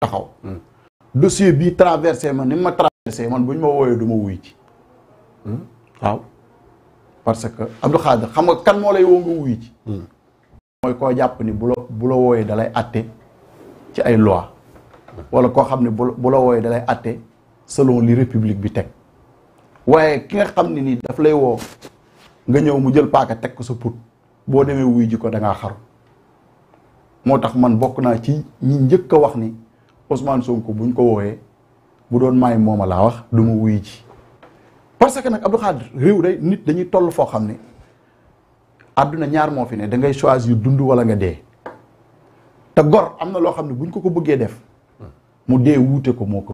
taxaw hmm. dossier bi traversé ma ni ma traversé man bu ñu ma wooyee du ma wuy ci hmm. waaw parce que Abdou Khadir xam nga kan moo lay woo nga wuy ci hmm. mooy koo jàpp ni bu la bu la wooyee dalay atte ci ay loi wala koo xam ne la wooyee dalay atte selon li république bi teg waaye ki nga xam ne nii daf lay woo nga ñëw mu jël paaka teg ko sa put boo demee wuy ji ko da ngaa xaru moo tax man bokk naa ci ñi njëkk a wax ni Ousmane Sonko buñ ko wooyee bu doon maay mooma laa wax du ma wuy ji parce que nag Abdou Khadre réew day nit dañuy toll foo xam ne àdduna ñaar moo fi ne da ngay choisir dund wala nga dee te gor am na loo xam ne buñ ko ko bëggee def mu dee wuute ko moo ko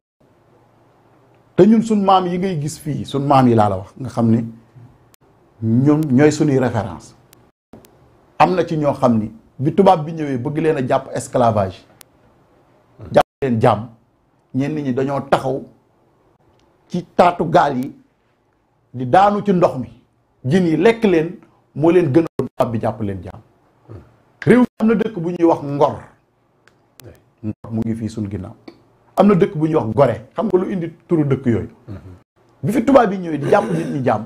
te ñun suñ maam yi ngay gis fii suñ maam yi laa la wax nga xam ni ñoom ñooy suñuy référence am na ci ñoo xam ni bi tubaab bi ñëwee bëgg leen a jàpp esclavage leen jàmm ñeen ñi dañoo taxaw ci taatu gaal yi di daanu ci ndox mi jën yi lekk leen moo leen gën a jàpp leen jàmm réew mi na dëkk bu ñuy wax ngor ngor mu ngi fii suñ ginnaaw am na dëkk bu ñuy wax gore xam nga lu indi turu dëkk yooyu bi fi tubaab yi ñëwee di jàpp nit ñi jàmm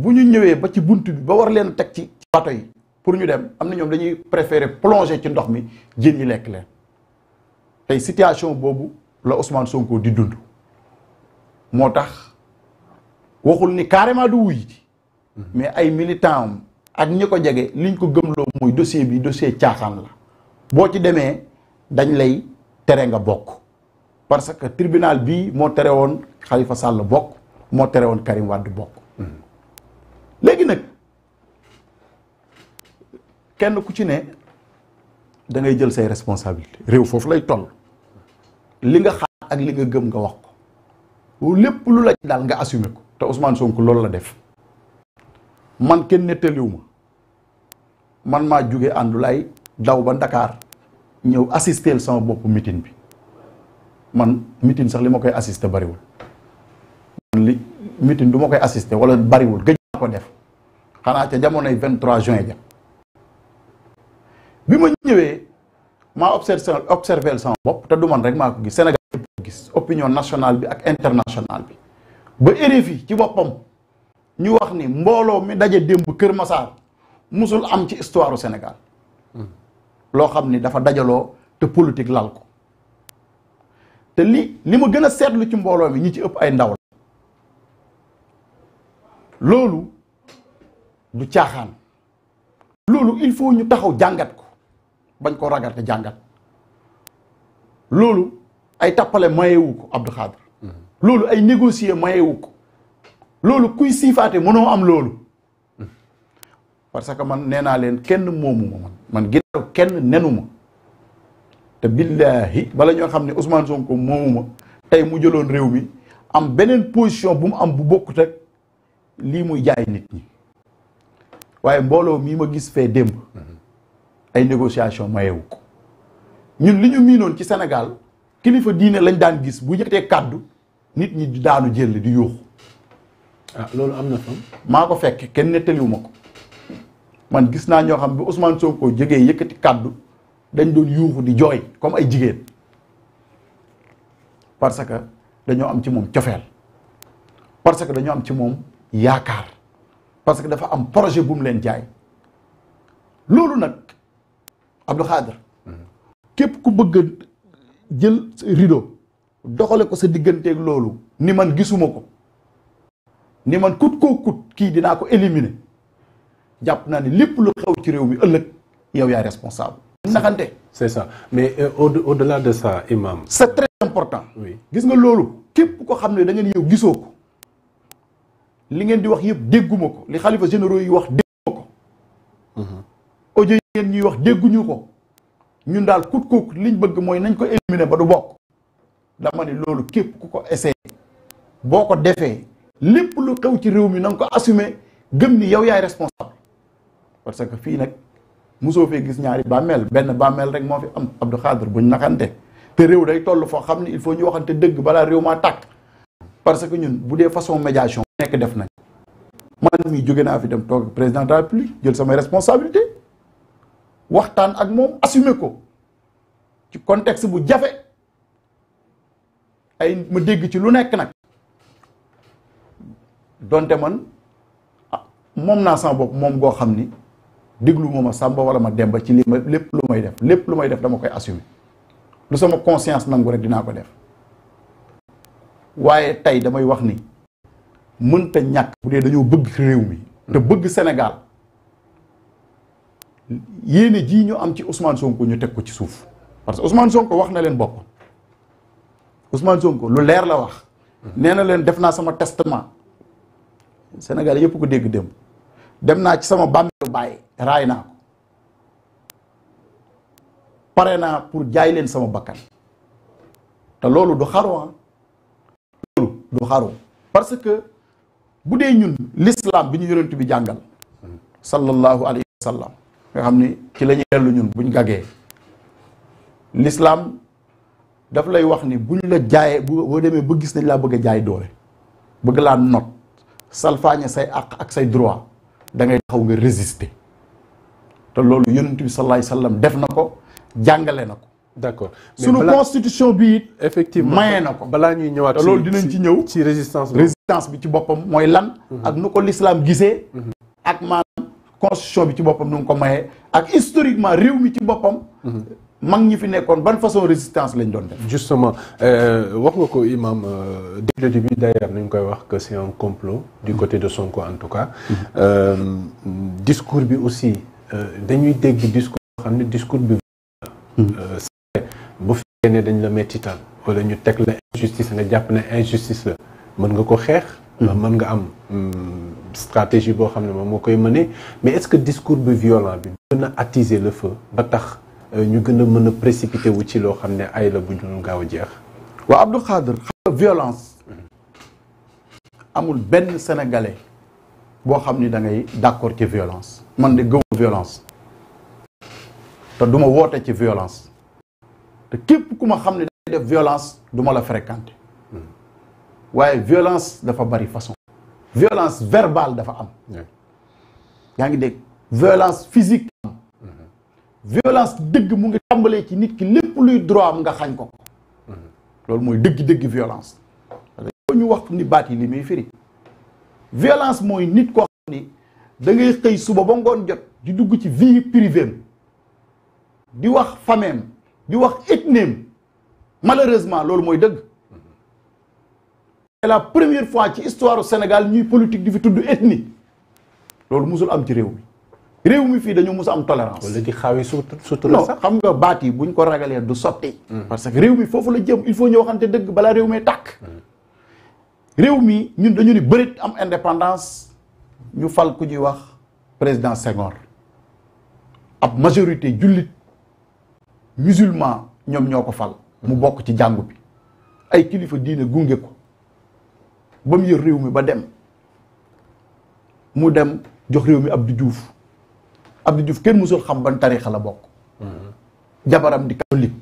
bu ñu ñëwee ba ci bunt bi ba war leen teg ci bato yi pour ñu dem am na ñoom dañuy préférer plonger ci ndox mi jën yi lekk leen tey situation boobu la Ousmane Sonko di dund moo tax waxul ni carrément du wuy mais ay militant ak ñi ko jege liñ ko gëmloo muy dossier bi dossier caaxaan la boo ci demee dañ lay tere nga bokk parce que tribunal bii moo tere woon xalifa sàll bokk moo tere woon Karim Wade bokk mm-hmm. léegi nag kenn ku ci ne da ngay jël say responsabilité réew foofu lay toll li nga xalaat ak li nga gëm nga wax ko lépp lu la daal nga assumer ko te Ousmane sonk loolu la def man kenn nettaliwu ma man maa jóge àndulaay daw ba ndakaar ñëw assisteel sama bopp meeting bi man meeting sax li ma koy assister bariwul man meeting du ma koy assister wala bariwul gëj naa ko def xanaa ca jamonoy trois juin ja bi ma ñëwee maa observe observé sama bopp te du man rek maa ko gis Sénégal ko gis opinion nationale bi ak internationale bi ba RFI ci boppam ñu wax ni mbooloo mi daje démb Kër Massar musul am ci histoire u Sénégal loo xam ni dafa dajaloo te politique lal ko te li li ma gën a seetlu ci mbooloo mi ñu ci ëpp ay ndaw la loolu du caaxaan loolu il faut ñu taxaw jàngat ko bañ koo ragat te jàngat loolu ay tappale mayewu ko Abdou Khadre loolu ay négocier mayewu ko loolu kuy siifaate mënoo am loolu parce que man nee naa leen kenn moomu man man ginnaaw kenn nenu te billaahi bala ñoo xam ne Ousmane Sonko moomu ma tey mu jëloon réew mi am beneen position bu mu am bu bokkut lii muy jaay nit ñi waaye mbooloo mii ma gis fee démb ay négociation mayewu ko ñun li ñu miinoon ci senegal kilifa diine lañ daan gis bu yëkkatee kàddu nit ñi daanu jël di yuuxu. ah loolu am na fa. maa ko fekk kenn nettaliwuma ko man gis naa ñoo xam bi Ousmane Sonko jegee yëkkati kàddu dañ doon yuuxu di jooy comme ay jigéen parce que dañoo am ci moom cofeel parce que dañoo am ci moom yaakaar parce que dafa am projet bu mu leen jaay loolu nag. Abdou Khadre képp ku bëgg jël rideau doxale ko sa digganteeg loolu ni man gisuma ko ni man kut koo kut kii dinaa ko éliminer jàpp naa ne lépp lu xew ci réew mi ëllëg yow yaay responsable naxante c'est ça mais au euh, au delà de sa imam c'est très important gis nga loolu képp ko xam ne da ngeen yow gisoo ko li ngeen di wax yëpp dégguma ko li xalifa généraux yi wax dégguma ko mm-hmm. ngeen ñuy wax dégguñu ko ñun daal kut kuk liñ bëgg mooy nañ ko éliminer ba du bokk dama ne loolu képp ku ko essayé boo ko defee lépp lu xew ci réew mi na nga ko assumer gëm ni yow yaay responsable parce que fii nag mosoo fee gis ñaari bàmmeel benn bàmmeel rek moo fi am Abdou Khadre buñ naxante te réew day toll foo xam ne il faut ñu waxante dëgg balaa réew maa tàkk parce que ñun bu dee façon médiation nekk def nañ man mii jóge naa fi dem toog président de la République jël samay responsabilité waxtaan ak moom assumer ko ci contexte bu jafe ay ma dégg ci lu nekk nag donte man ah, moom naa sama bopp moom goo xam ni déglu ma ma sàmba wala ma demba ci li ma lépp lu may def lépp lu may def dama koy assumer lu sama conscience nangu rek dinaa ko def waaye tey damay wax ni mënta ñàkk bu dee dañoo bëgg réew mi te bëgg Sénégal yéene ji ñu am ci Ousmane Sonko ñu teg ko ci suuf parce que Ousmane Sonko wax na leen boppam Ousmane Sonko lu leer la wax. nee na leen def naa sama testament Sénégal yëpp ko dégg dem dem naa ci sama bàmmeelu bàyyi raay naa ko pare naa pour jaay leen sama bakkan te loolu du xaru ah loolu du xaru parce que bu dee ñun l'islam bi ñu yonent bi jàngal sallallahu alayhi wa nga xam ni ci la ñuy dellu ñun buñ gagee l'islam daf lay wax ni buñ la jaayee bu boo demee ba gis nañ laa bëgg a jaay doole bëgg laa not salfaañe say àq ak say droit da ngay taxaw nga résister te loolu yonent bi sallallahu alayhi wasallam def na ko jàngale na ko. d'accord sunu constitution bi it. effectivement na ko balaa ñuy ñëwaat. te loolu dinañ ci ñëw ci résistance bi. bi ci boppam mooy lan. Mhm. ak nu ko lislaam gisee. Mhm. ak maanaam constitution bi ci boppam nu ngi ko mayee ak historiquement réew mi ci boppam mag ñi fi nekkoon ban façon résistance lañ doon def justement euh, wax nga ko imam dès le euh, début d'ailleurs ni koy wax que c'est un complot du côté de Sonko en tout cas euh, discours bi aussi euh, dañuy dégg discours boo xam ne discours bi hmm. bu fekkee ne dañ la mettital wala ñu teg la injustice nga jàpp ne injustice la mën nga ko xeex mën nga am hmm, stratégie boo xam ne moom moo koy mëne mais est-ce que discours bu violent bi gën a attiser le feu ba tax euh, ñu gën a mën a précipité wu ci loo xam ne ay la bu ñu gaaw a jeex waaw Abdou Khader xam nga violence amul benn sénégalais boo xam ni da ngay d'accord ci violence man de gëwuma violence te duma woote ci violence te képp ku ma xam ne day def violence du ma la fréquenter waaye violence dafa bari façon violence verbale dafa am yaa ngi dégg violence physique violence dëgg mu ngi tàmbalee ci nit ki lépp luy droit am nga xañ ko loolu mooy dëgg-dëgg violence parce ñu wax ni baat yi li muy firi violence mooy nit koo xam ni da ngay xëy suba ba ngoon jot di dugg ci vie privée di wax fameem di wax ethnie malheureusement loolu mooy dëgg c'est la première fois ci histoire Sénégal ñuy politique di fi tudd ethnie loolu musul am ci réew mi réew mi fii dañoo mus am tolérance. wala di xawee surtout non xam nga baat yi buñ ko ragalee du sotti. Hmm. parce que réew mi foofu la jëm il faut ñu waxante dëgg balaa réew mi tàkk. Hmm. réew mi ñun dañu ni bërit am indépendance ñu fal ku ñuy wax président Senghor ab majorité jullit musulman ñoom ñoo ko fal. mu bokk ci jàngu bi ay kilifa diine gunge ko. ba mu yër réew mi ba dem mu dem jox réew mi Abdou Diouf Abdou juuf kenn mësul xam ban tarixa la bokk mhm. jabaram di catholique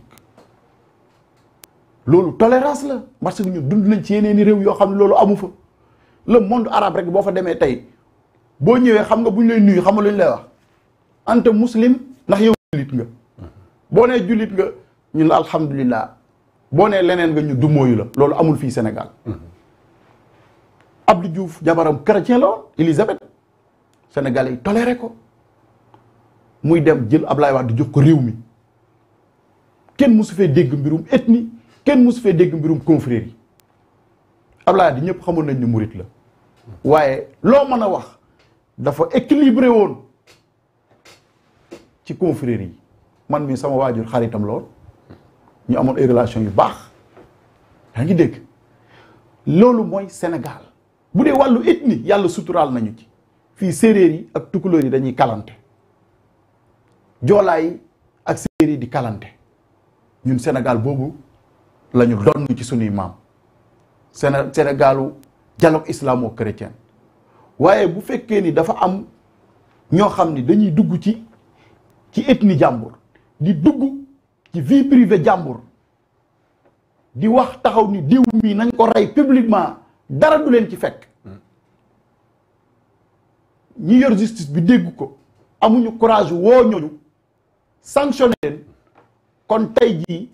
loolu tolérance la parce que ñu dund nañ ci yeneeni réew yoo xam ne loolu amu fa le monde arabe rek boo fa demee tey boo ñëwee xam nga bu ñu lay nuyu xam nga lu ñu lay wax anta muslim ndax yow jullit nga mhm. boo nee jullit nga ñu la alhamdulilah boo nee leneen nga ñu dumóoyu la loolu amul fii senegal mhm. ab Abdou Diouf jabaram chrétien la woon Élisabeth sénégalais yi toléré ko muy dem jël Ablaye di jox ko réew mi kenn mosu fee dégg mbirum ethnie kenn mosu fee dégg mbirum confrérie yi Ablaye Wade ñëpp xamoon nañ ne murit la waaye loo mën a wax dafa équilibré woon ci confrérie yi man mi sama waajur xaritam lool ñu amoon ay relation yu baax yaa ngi dégg loolu mooy Sénégal bu dee wàllu ethnie yàlla suturaal nañu ci fii séeréer yi ak tukulóor yi dañuy kalante joolaa ak séeréer yi di kalante ñun Sénégal boobu lañu ñu donn ci sunuy maam Séné Sénégalu dialogue islamo-chrétien waaye bu fekkee ni dafa am ñoo xam ni dañuy dugg ci ci ethnie jàmbur di dugg ci vie privée jàmbur di wax taxaw ni diw mi nañ ko rey publiquement dara du leen ci fekk ñi yor justice bi dégg ko amuñu courage woo ñooñu sanctionné kon tey jii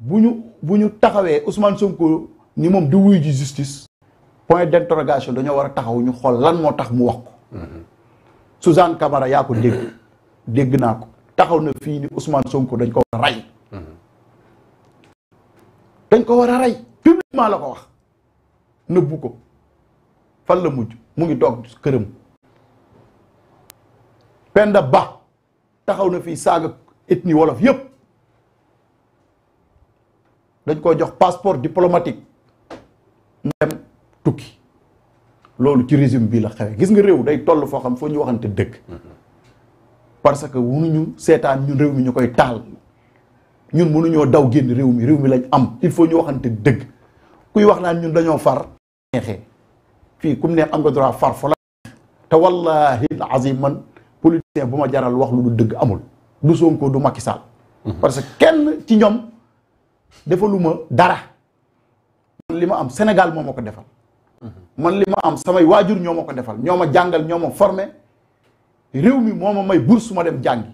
bu ñu bu ñu taxawee Ousmane Sonko ni moom di wuyu ji justice point d'interrogation dañoo war a taxaw ñu xool lan moo tax mu wax ko Suzanne Camara yaa ko dégg dégg naa ko taxaw na fii ni Ousmane Sonko dañ ko war a mmh. dañ ko war a rey publiquement la ko wax nëbbu ko fan la mujj mu ngi toog këram Penda Ba taxaw na fii saaga ethnie wolof yëpp dañ koo jox passeport mu dem tukki loolu ci régime bi la xewe gis nga réew day toll foo xam foo ñu waxante dëgg parce que mënuñu seetaan ñun réew mi ñu koy taal ñun mënuñoo daw génn réew mi réew mi lañ am il faut ñu waxante dëgg kuy wax naan ñun dañoo far neexee fii ku mu neex am nga droit far fa la te wallahi azim man politicien bu ma jaral wax lu du dëgg amul du Sonko du Macky Sall mhm. parce que kenn ci ñoom defaluma dara man li ma am Sénégal moom ma ko defal mhm. man li ma am samay waajur ñoo ma ko defal ñoom ma jàngal ñoo ma formé réew mi moo ma may bourse ma dem jàngi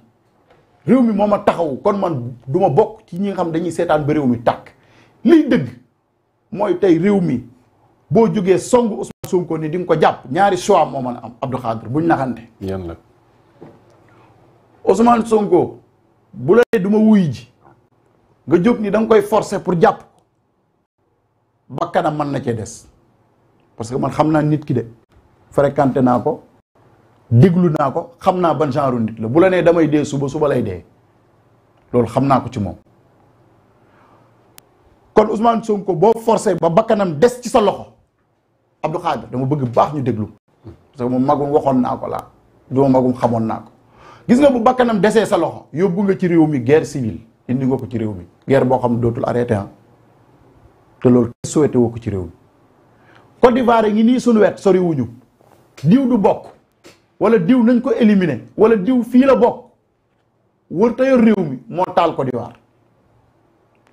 réew mi moo ma taxaw kon man du ma bokk ci ñi nga xam dañuy seetaan ba réew mi tàkk liy dëgg mooy tey réew mi boo jógee songu Ousmane Sonko ni di nga ko jàpp ñaari choix moo mën a am Abdou Khadre buñ naxante. yan la Ousmane Sonko bu la du ma wuy ji nga jóg ni da nga koy forcer pour jàpp ba mën na cee des parce que man xam naa nit ki de fréquenté naa ko déglu naa ko xam naa ban genre nit la bu nee damay dee suba suba lay dee loolu xam naa ko ci moom. kon Ousmane Sonko boo forcé ba bakkanam des ci sa loxo Abdou Khadir dama bëgg baax ñu déglu parce que moom magum waxoon naa ko laa du magum xamoon naa ko gis nga bu bakkanam desee sa loxo yóbbu nga ci réew mi guerre civile indi nga ko ci réew mi guerre boo xam ne dootul ah. te loolu souhaité ko ci réew mi ngi nii suñu wet sori wuñu diw du bokk wala diw nañ ko éliminer wala diw fii la bokk wër ta réew mi moo taal Côte d'Ivoire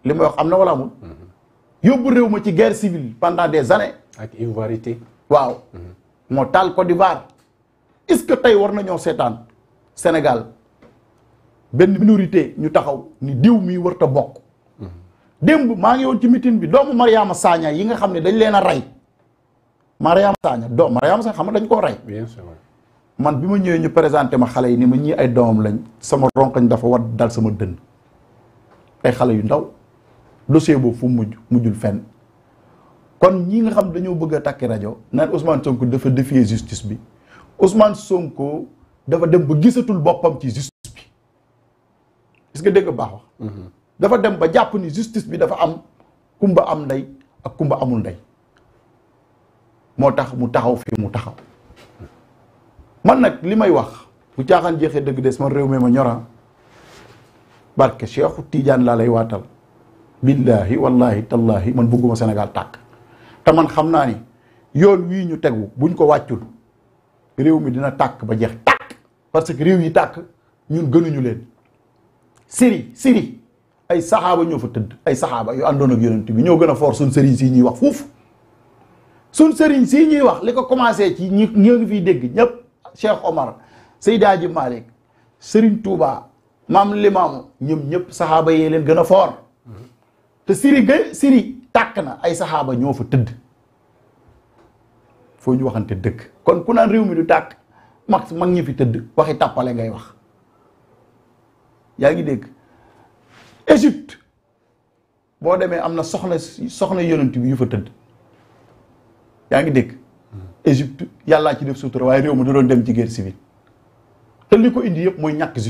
li may wax am na wala amul mm-hmm. yóbbu réew ma ci guerre civile pendant des années ak ivoirité. waaw. moo taal Côte d'Ivoire. est-ce que tey war nañoo seetaan Sénégal benn minorité ñu taxaw ni diw mi war ta bokk. démb maa ngi woon ci meeting bi doomu Mariama Sagna yi nga xam ne dañ leen a rey. Mariama Sagna doom Mariama Sagna xam nga dañ koo rey. bien man bi ma ñëwee ñu présenté ma xale yi ni ma ñii ay doomam lañ sama ronkañ dafa war dal sama dënn ay xale yu ndaw dossier boobu fu mujj mujjul fenn. kon ñi nga xam dañoo bëgg a takki rajo naan Ousmane Sonko dafa défier justice bi Ousmane Sonko dafa dem ba gisatul boppam ci justice bi est-ce que dégg baax wax mhm. dafa dem ba jàpp ni justice bi dafa am kumba am ndey ak kumba amul ndey moo tax mu taxaw fii mu taxaw man nag li may wax bu caaxaan jeexee dëgg des man réew mi ma ñora ah. barke Cheikhu Tidiane laa lay waatal billaahi wallaahi tallaahi man bugguma Sénégal tàkk te man xam naa ni yoon wii ñu tegu buñ ko wàccul réew mi dina tàkk ba jeex tàkk parce que réew yi tàkk ñun gënuñu leen Syrie Syrie ay saxaaba ñoo fa tëdd ay saxaaba yu àndoon ak bi ñoo gën a foor suñ sëriñ si ñuy wax fuuf sun sëriñ si ñuy wax li ko commencé ci ñi ñoo ngi fiy dégg ñëpp Cheikh Omar Seyda Ji Malick Serigne Touba maam Limaamu ñoom ñëpp saxaaba yee leen gën a foor mm-hmm. te Syrie ga Syrie tàkk na ay saxaaba ñoo fa tëdd foo ñu waxante dëkk kon ku naan réew mi du tàkk mag mag ñi fi tëdd waxi tàppale ngay wax yaa ngi dégg Égypte boo demee am na soxna soxna yonent bi yu fa tëdd yaa ngi dégg Égypte yàllaa ci def sutura waaye réew mi da doon dem ci guerre civile te li ko indi yëpp mooy ñàkk